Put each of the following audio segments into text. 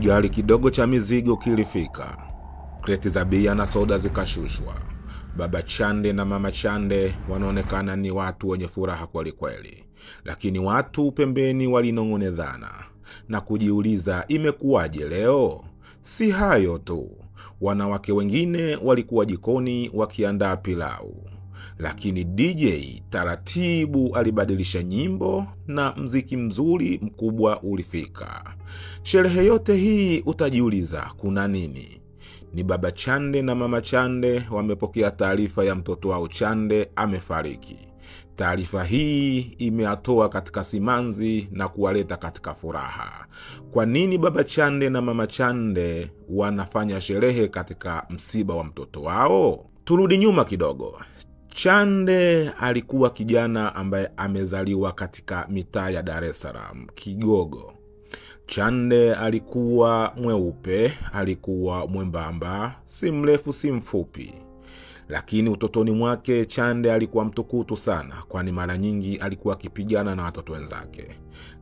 Kigari kidogo cha mizigo kilifika, kreti za bia na soda zikashushwa. Baba Chande na Mama Chande wanaonekana ni watu wenye furaha kwelikweli, lakini watu pembeni walinong'onezana na kujiuliza imekuwaje leo. Si hayo tu, wanawake wengine walikuwa jikoni wakiandaa pilau lakini DJ taratibu alibadilisha nyimbo na mziki mzuri mkubwa ulifika. Sherehe yote hii utajiuliza kuna nini? Ni baba Chande na mama Chande wamepokea taarifa ya mtoto wao Chande amefariki. Taarifa hii imeatoa katika simanzi na kuwaleta katika furaha. Kwa nini baba Chande na mama Chande wanafanya sherehe katika msiba wa mtoto wao? Turudi nyuma kidogo. Chande alikuwa kijana ambaye amezaliwa katika mitaa ya Dar es Salaam, Kigogo. Chande alikuwa mweupe, alikuwa mwembamba, si mrefu si mfupi, lakini utotoni mwake Chande alikuwa mtukutu sana, kwani mara nyingi alikuwa akipigana na watoto wenzake.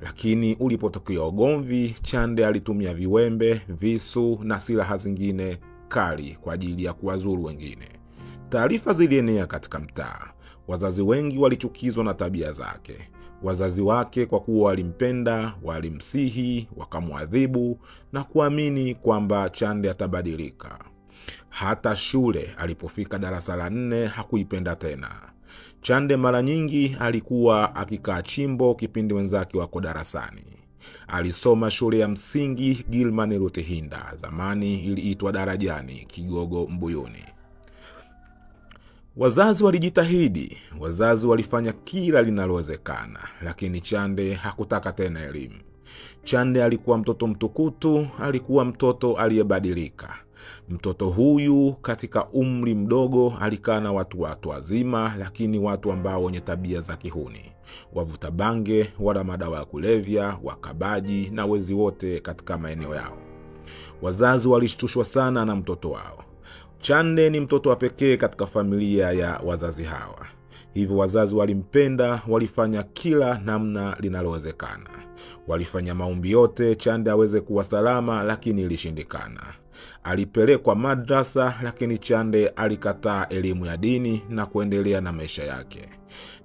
Lakini ulipotokea ugomvi, Chande alitumia viwembe, visu na silaha zingine kali kwa ajili ya kuwazuru wengine. Taarifa zilienea katika mtaa. Wazazi wengi walichukizwa na tabia zake. Wazazi wake, kwa kuwa walimpenda, walimsihi, wakamwadhibu na kuamini kwamba Chande atabadilika. Hata shule alipofika darasa la nne hakuipenda tena. Chande mara nyingi alikuwa akikaa chimbo kipindi wenzake wako darasani. Alisoma shule ya msingi Gilman Rutihinda, zamani iliitwa Darajani, Kigogo Mbuyuni. Wazazi walijitahidi, wazazi walifanya kila linalowezekana, lakini Chande hakutaka tena elimu. Chande alikuwa mtoto mtukutu, alikuwa mtoto aliyebadilika. Mtoto huyu katika umri mdogo alikaa na watu watu wazima, lakini watu ambao wenye tabia za kihuni, wavuta bange, wala madawa ya kulevya, wakabaji na wezi wote katika maeneo yao. Wazazi walishtushwa sana na mtoto wao. Chande ni mtoto wa pekee katika familia ya wazazi hawa, hivyo wazazi walimpenda, walifanya kila namna linalowezekana. Walifanya maumbi yote Chande aweze kuwa salama, lakini ilishindikana. Alipelekwa madrasa, lakini Chande alikataa elimu ya dini na kuendelea na maisha yake.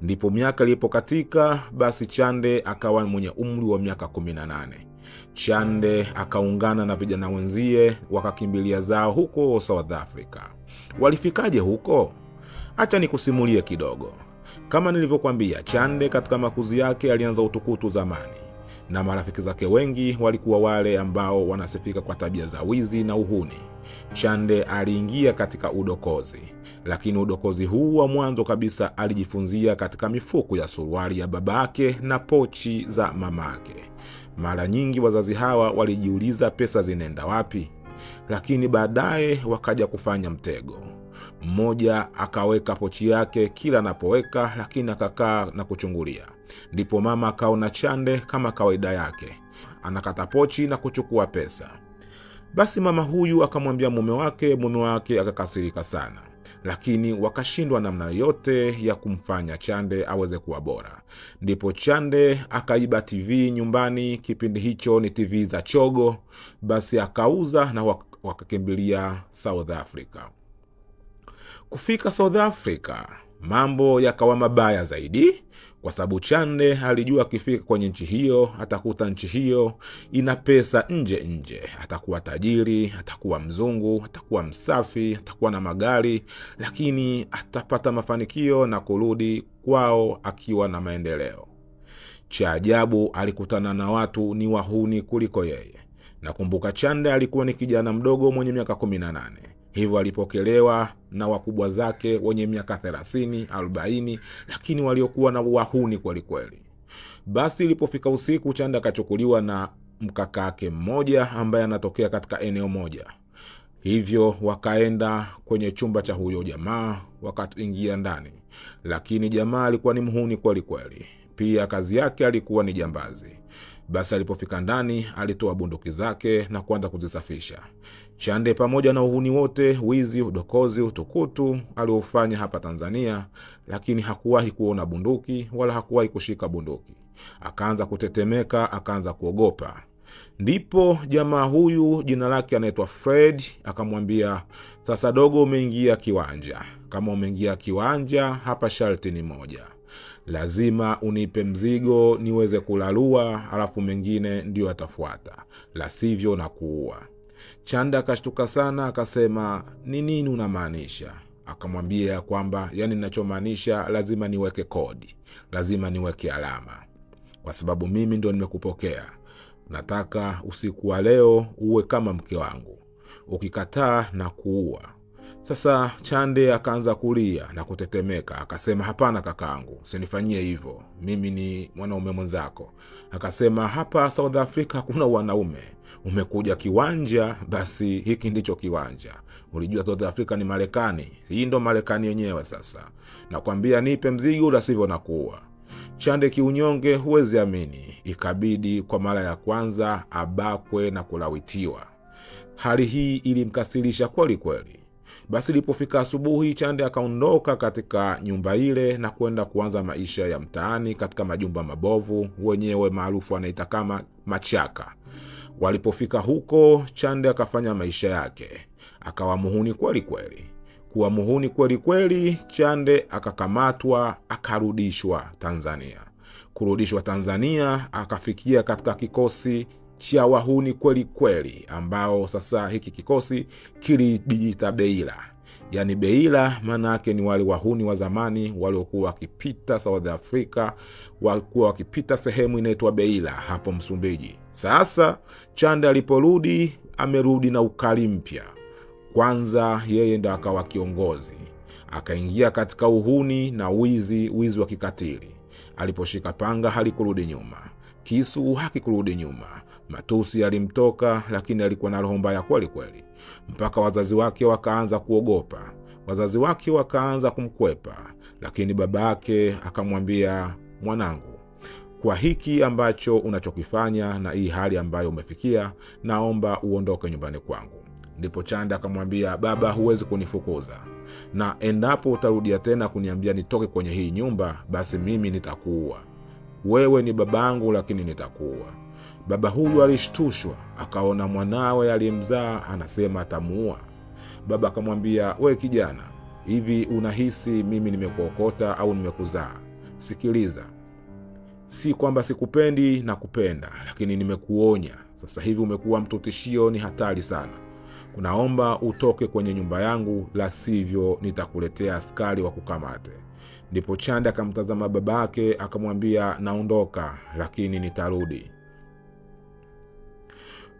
Ndipo miaka ilipokatika, basi Chande akawa mwenye umri wa miaka 18. Chande akaungana na vijana wenzie wakakimbilia zao huko South Africa. Walifikaje huko? hacha nikusimulie kidogo. Kama nilivyokwambia, Chande katika makuzi yake alianza utukutu zamani na marafiki zake wengi walikuwa wale ambao wanasifika kwa tabia za wizi na uhuni. Chande aliingia katika udokozi, lakini udokozi huu wa mwanzo kabisa alijifunzia katika mifuko ya suruali ya babake na pochi za mamake. Mara nyingi wazazi hawa walijiuliza pesa zinaenda wapi, lakini baadaye wakaja kufanya mtego. Mmoja akaweka pochi yake kila anapoweka, lakini akakaa na kuchungulia. Ndipo mama akaona Chande kama kawaida yake anakata pochi na kuchukua pesa. Basi mama huyu akamwambia mume wake, mume wake akakasirika sana, lakini wakashindwa namna yote ya kumfanya Chande aweze kuwa bora. Ndipo Chande akaiba TV nyumbani, kipindi hicho ni TV za chogo. Basi akauza na wakakimbilia South Africa. Kufika South Africa mambo yakawa mabaya zaidi, kwa sababu Chande alijua akifika kwenye nchi hiyo atakuta nchi hiyo ina pesa nje nje, atakuwa tajiri, atakuwa mzungu, atakuwa msafi, atakuwa na magari, lakini atapata mafanikio na kurudi kwao akiwa na maendeleo. Cha ajabu, alikutana na watu ni wahuni kuliko yeye. Nakumbuka Chande alikuwa ni kijana mdogo mwenye miaka kumi na nane hivyo alipokelewa na wakubwa zake wenye miaka thelathini arobaini, lakini waliokuwa na wahuni kwelikweli. Basi ilipofika usiku, Chanda akachukuliwa na ake mmoja ambaye anatokea katika eneo moja hivyo wakaenda kwenye chumba cha huyo jamaa, wakaingia ndani, lakini jamaa alikuwa ni mhuni kwelikweli pia kazi yake alikuwa ni jambazi. Basi alipofika ndani, alitoa bunduki zake na kuanza kuzisafisha. Chande pamoja na uhuni wote, wizi, udokozi, utukutu aliofanya hapa Tanzania, lakini hakuwahi kuona bunduki wala hakuwahi kushika bunduki. Akaanza kutetemeka, akaanza kuogopa. Ndipo jamaa huyu jina lake anaitwa Fred akamwambia, sasa dogo, umeingia kiwanja. Kama umeingia kiwanja, hapa sharti ni moja, lazima unipe mzigo niweze kulalua, alafu mengine ndiyo atafuata, la sivyo na kuua. Chanda akashtuka sana, akasema ni nini unamaanisha? Akamwambia kwamba yani, ninachomaanisha lazima niweke kodi, lazima niweke alama, kwa sababu mimi ndo nimekupokea. Nataka usiku wa leo uwe kama mke wangu, ukikataa na kuua. Sasa Chande akaanza kulia na kutetemeka, akasema hapana kakaangu, sinifanyie hivyo, mimi ni mwanaume mwenzako. Akasema hapa South Africa hakuna wanaume, umekuja kiwanja, basi hiki ndicho kiwanja. Ulijua South Africa ni Marekani, hii ndo Marekani yenyewe. Sasa nakwambia, nipe mzigo, la nakuwa Chande kiunyonge, huwezi amini, ikabidi kwa mara ya kwanza abakwe na kulawitiwa. Hali hii ilimkasirisha kweli kweli. Basi ilipofika asubuhi, Chande akaondoka katika nyumba ile na kwenda kuanza maisha ya mtaani katika majumba mabovu, wenyewe maarufu anaita kama machaka. Walipofika huko, Chande akafanya maisha yake, akawa muhuni kweli kweli. Kuwa muhuni kweli kweli, Chande akakamatwa, akarudishwa Tanzania. Kurudishwa Tanzania, akafikia katika kikosi cha wahuni kweli kweli, ambao sasa hiki kikosi kilijiita Beila. Yaani Beila maana yake ni wale wahuni wa zamani waliokuwa wakipita South Africa, walikuwa wakipita sehemu inaitwa Beila hapo Msumbiji sasa Chande aliporudi, amerudi na ukali mpya. Kwanza yeye ndo akawa kiongozi, akaingia katika uhuni na wizi, wizi wa kikatili. Aliposhika panga halikurudi nyuma, kisu hakikurudi nyuma, matusi yalimtoka, lakini alikuwa na roho mbaya kweli kweli, mpaka wazazi wake wakaanza kuogopa, wazazi wake wakaanza kumkwepa, lakini baba yake akamwambia, mwanangu, kwa hiki ambacho unachokifanya na hii hali ambayo umefikia, naomba uondoke nyumbani kwangu. Ndipo Chanda akamwambia, baba, huwezi kunifukuza, na endapo utarudia tena kuniambia nitoke kwenye hii nyumba, basi mimi nitakuua. Wewe ni babangu, lakini nitakuua. Baba huyu alishtushwa, akaona mwanawe aliyemzaa anasema atamuua. Baba akamwambia, we kijana, hivi unahisi mimi nimekuokota au nimekuzaa? Sikiliza, si kwamba sikupendi na kupenda, lakini nimekuonya. Sasa hivi umekuwa mtu tishio, ni hatari sana. Kunaomba utoke kwenye nyumba yangu, la sivyo nitakuletea askari wa kukamate. Ndipo Chande akamtazama baba yake akamwambia, naondoka lakini nitarudi.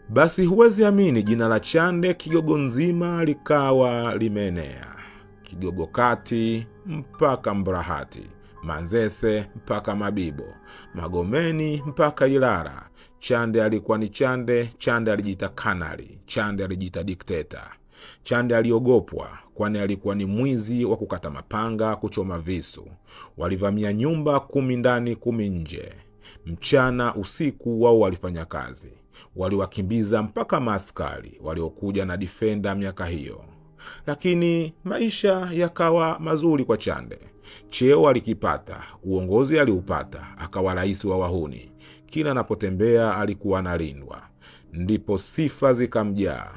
Basi huwezi amini, jina la Chande Kigogo nzima likawa limeenea, Kigogo kati mpaka Mbrahati. Manzese mpaka Mabibo, Magomeni mpaka Ilara. Chande alikuwa ni Chande. Chande alijiita kanali, Chande alijiita dikteta, Chande aliogopwa, kwani alikuwa ni mwizi wa kukata mapanga, kuchoma visu. Walivamia nyumba kumi ndani, kumi nje, mchana usiku, wao walifanya kazi. Waliwakimbiza mpaka maaskari waliokuja na difenda miaka hiyo lakini maisha yakawa mazuri kwa Chande. Cheo alikipata, uongozi aliupata, akawa rais wa wahuni. Kila anapotembea alikuwa analindwa. Ndipo sifa zikamjaa.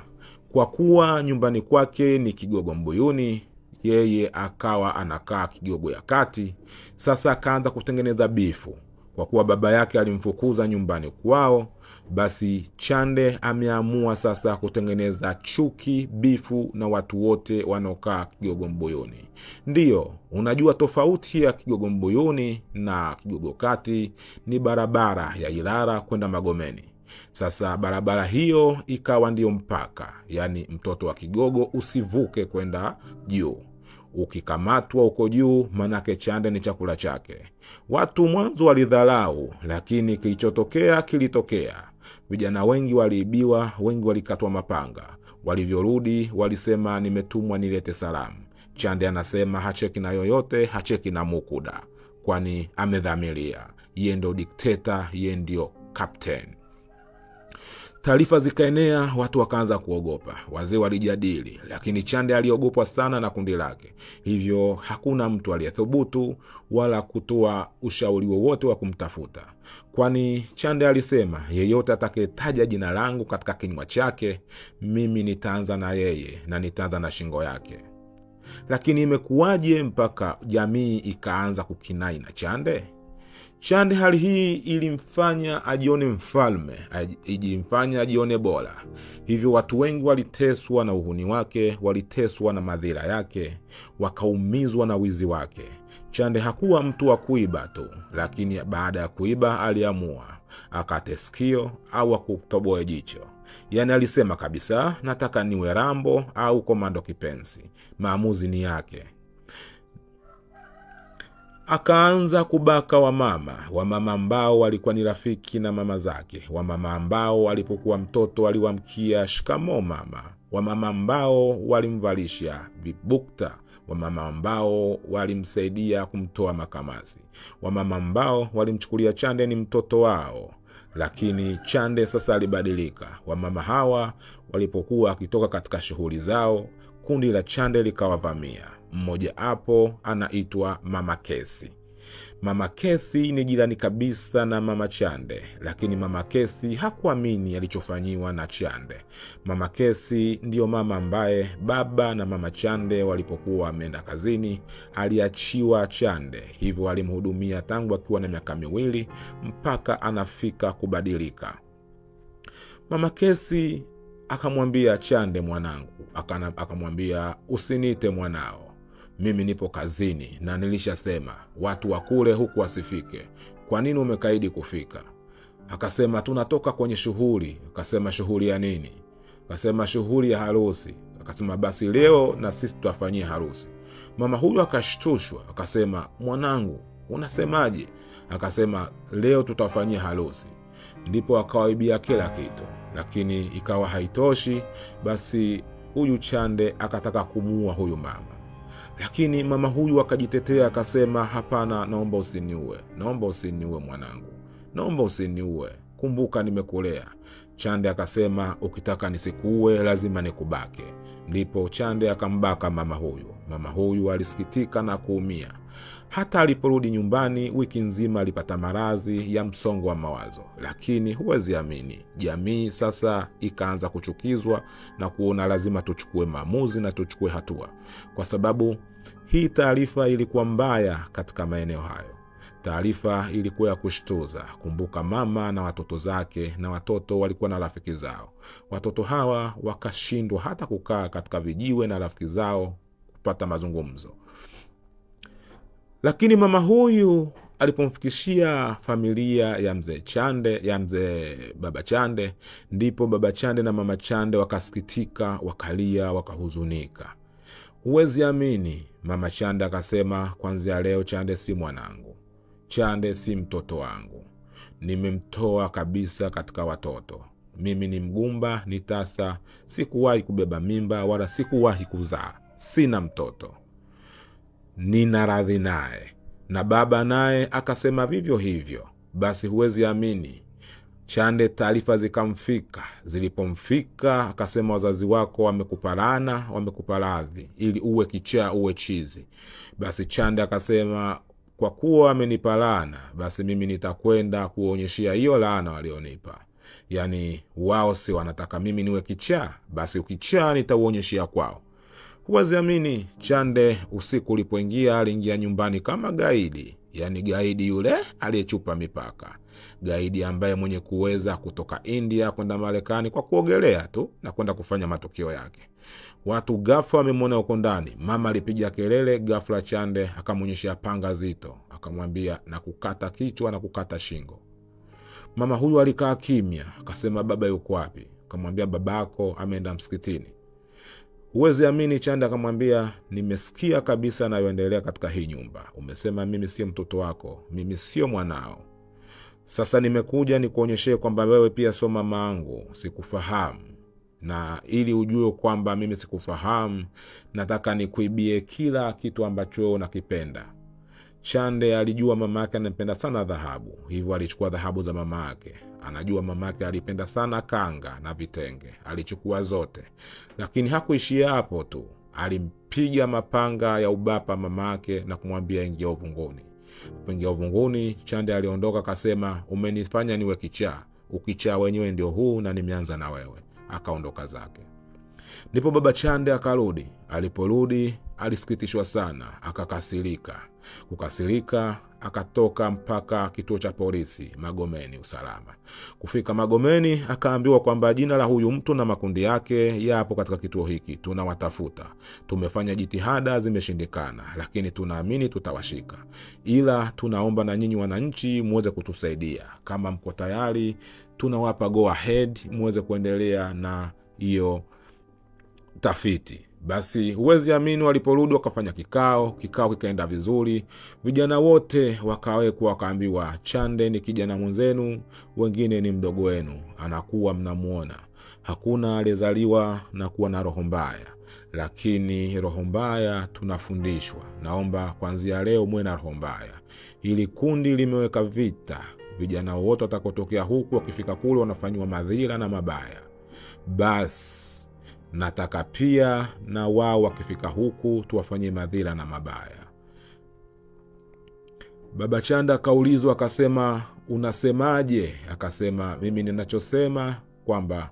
Kwa kuwa nyumbani kwake ni Kigogo Mbuyuni, yeye akawa anakaa Kigogo ya kati. Sasa akaanza kutengeneza bifu, kwa kuwa baba yake alimfukuza nyumbani kwao basi Chande ameamua sasa kutengeneza chuki, bifu na watu wote wanaokaa Kigogo Mboyoni. Ndiyo, unajua tofauti ya Kigogo Mboyoni na Kigogo Kati ni barabara ya ilara kwenda Magomeni. Sasa barabara hiyo ikawa ndiyo mpaka, yaani mtoto wa Kigogo usivuke kwenda juu. Ukikamatwa uko juu, manake Chande ni chakula chake. Watu mwanzo walidharau, lakini kilichotokea kilitokea. Vijana wengi waliibiwa, wengi walikatwa mapanga. Walivyorudi walisema, nimetumwa nilete salamu. Chande anasema hacheki na yoyote, hacheki na Mukuda kwani amedhamiria. Ye ndio dikteta, ye ndio kapteni. Taarifa zikaenea, watu wakaanza kuogopa, wazee walijadili, lakini Chande aliogopwa sana na kundi lake, hivyo hakuna mtu aliyethubutu wala kutoa ushauri wowote wa kumtafuta, kwani Chande alisema, yeyote atakayetaja jina langu katika kinywa chake mimi nitaanza na yeye na nitaanza na shingo yake. Lakini imekuwaje mpaka jamii ikaanza kukinai na Chande? Chand, hali hii ilimfanya ajione mfalme, ilimfanya ajione bora. Hivyo watu wengi waliteswa na uhuni wake, waliteswa na madhira yake, wakaumizwa na wizi wake. Chande hakuwa mtu wa kuiba tu, lakini baada ya kuiba aliamua akate sikio au akutoboe jicho. Yaani alisema kabisa, nataka niwe Rambo au Komando kipensi maamuzi ni yake akaanza kubaka wamama, wamama ambao walikuwa ni rafiki na mama zake, wamama ambao alipokuwa mtoto aliwamkia shikamoo mama, wamama ambao walimvalisha vibukta, wamama ambao walimsaidia kumtoa makamasi, wamama ambao walimchukulia Chande ni mtoto wao. Lakini Chande sasa alibadilika. Wamama hawa walipokuwa akitoka katika shughuli zao, kundi la Chande likawavamia mmojawapo anaitwa Mama Kesi. Mama Kesi ni jirani kabisa na Mama Chande, lakini Mama Kesi hakuamini alichofanyiwa na Chande. Mama Kesi ndiyo mama ambaye baba na Mama Chande walipokuwa wameenda kazini aliachiwa Chande, hivyo alimhudumia tangu akiwa na miaka miwili mpaka anafika kubadilika. Mama Kesi akamwambia Chande, mwanangu, akamwambia usinite mwanao mimi nipo kazini na nilishasema watu wa kule huku wasifike. Kwa nini umekaidi kufika? Akasema tunatoka kwenye shughuli. Akasema shughuli ya nini? Akasema shughuli ya harusi. Akasema basi leo na sisi tutafanyia harusi. Mama huyu akashtushwa, akasema mwanangu, unasemaje? Akasema leo tutafanyia harusi. Ndipo akawaibia kila kitu, lakini ikawa haitoshi. Basi huyu Chande akataka kumuua huyu mama lakini mama huyu akajitetea akasema, hapana, naomba usiniue, naomba usiniue mwanangu, naomba usiniue kumbuka nimekulea. Chande akasema ukitaka nisikuue lazima nikubake. Ndipo Chande akambaka mama huyu. Mama huyu alisikitika na kuumia. Hata aliporudi nyumbani wiki nzima alipata maradhi ya msongo wa mawazo. Lakini huwezi amini, jamii sasa ikaanza kuchukizwa na kuona lazima tuchukue maamuzi na tuchukue hatua, kwa sababu hii taarifa ilikuwa mbaya katika maeneo hayo. Taarifa ilikuwa ya kushtuza. Kumbuka, mama na watoto zake na watoto walikuwa na rafiki zao. Watoto hawa wakashindwa hata kukaa katika vijiwe na rafiki zao kupata mazungumzo. Lakini mama huyu alipomfikishia familia ya mzee Chande, ya mzee baba Chande, ndipo baba Chande na mama Chande wakasikitika, wakalia, wakahuzunika. Huwezi amini, mama Chande akasema, kwanzia leo Chande si mwanangu. Chande si mtoto wangu, nimemtoa kabisa katika watoto. Mimi ni mgumba, ni tasa, sikuwahi kubeba mimba wala sikuwahi kuzaa, sina mtoto. Nina radhi naye na baba naye akasema vivyo hivyo. Basi huwezi amini, Chande taarifa zikamfika. Zilipomfika akasema, wazazi wako wamekuparana, wamekupa radhi ili uwe kichaa uwe chizi. Basi Chande akasema kwa kuwa amenipa laana, basi mimi nitakwenda kuwaonyeshea hiyo laana walionipa. yani wao si wanataka mimi niwe kichaa, basi ukichaa nitauonyeshea kwao. Huwaziamini. Chande usiku ulipoingia, aliingia nyumbani kama gaidi yaani gaidi yule aliyechupa mipaka, gaidi ambaye mwenye kuweza kutoka India kwenda Marekani kwa kuogelea tu na kwenda kufanya matukio yake. Watu gafla wamemwona huko ndani. Mama alipiga kelele, gafla Chande akamwonyesha panga zito, akamwambia na kukata kichwa na kukata shingo. Mama huyu alikaa kimya, akasema baba yuko wapi? Akamwambia babako ameenda msikitini. Huwezi amini, Chanda akamwambia, nimesikia kabisa anayoendelea katika hii nyumba. Umesema mimi sio mtoto wako, mimi sio mwanao. Sasa nimekuja nikuonyeshee kwamba wewe pia sio mama angu, sikufahamu. Na ili ujue kwamba mimi sikufahamu, nataka nikuibie kila kitu ambacho unakipenda. Chande alijua mama yake anampenda sana dhahabu, hivyo alichukua dhahabu za mama yake. Anajua mama yake alipenda sana kanga na vitenge, alichukua zote. Lakini hakuishia hapo tu, alimpiga mapanga ya ubapa mama yake na kumwambia ingia uvunguni. Kuingia uvunguni, Chande aliondoka akasema, umenifanya niwe kichaa, ukichaa wenyewe ndio huu na nimeanza na wewe. Akaondoka zake. Ndipo baba Chande akarudi. Aliporudi alisikitishwa sana, akakasirika. Kukasirika akatoka mpaka kituo cha polisi Magomeni usalama. Kufika Magomeni akaambiwa kwamba jina la huyu mtu na makundi yake yapo katika kituo hiki, tunawatafuta. Tumefanya jitihada zimeshindikana, lakini tunaamini tutawashika, ila tunaomba na nyinyi wananchi muweze kutusaidia. Kama mko tayari, tunawapa go ahead muweze kuendelea na hiyo tafiti. Basi huwezi amini, waliporudi wakafanya kikao, kikao kikaenda vizuri, vijana wote wakawekwa, wakaambiwa, Chande ni kijana mwenzenu, wengine ni mdogo wenu, anakuwa mnamwona. Hakuna aliyezaliwa na kuwa na roho mbaya, lakini roho mbaya tunafundishwa. Naomba kuanzia leo muwe na roho mbaya. Hili kundi limeweka vita, vijana wote watakotokea huku wakifika kule wanafanyiwa madhila na mabaya. basi nataka pia na wao wakifika huku tuwafanyie madhila na mabaya. Baba Chanda akaulizwa akasema, unasemaje? Akasema, mimi ninachosema kwamba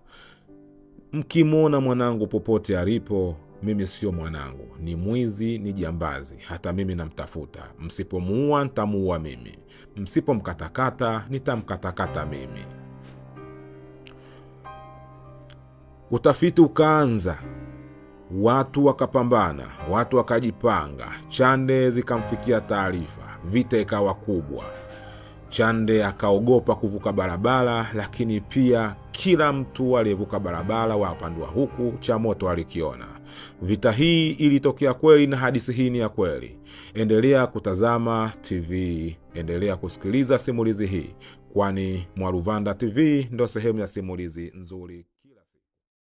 mkimwona mwanangu popote alipo, mimi sio mwanangu, ni mwizi, ni jambazi, hata mimi namtafuta. Msipomuua nitamuua mimi, msipomkatakata nitamkatakata mimi. Utafiti ukaanza, watu wakapambana, watu wakajipanga. Chande zikamfikia taarifa, vita ikawa kubwa. Chande akaogopa kuvuka barabara, lakini pia kila mtu aliyevuka barabara, wapandua huku, cha moto alikiona. Vita hii ilitokea kweli, na hadithi hii ni ya kweli. Endelea kutazama TV, endelea kusikiliza simulizi hii, kwani mwaruvanda TV ndo sehemu ya simulizi nzuri.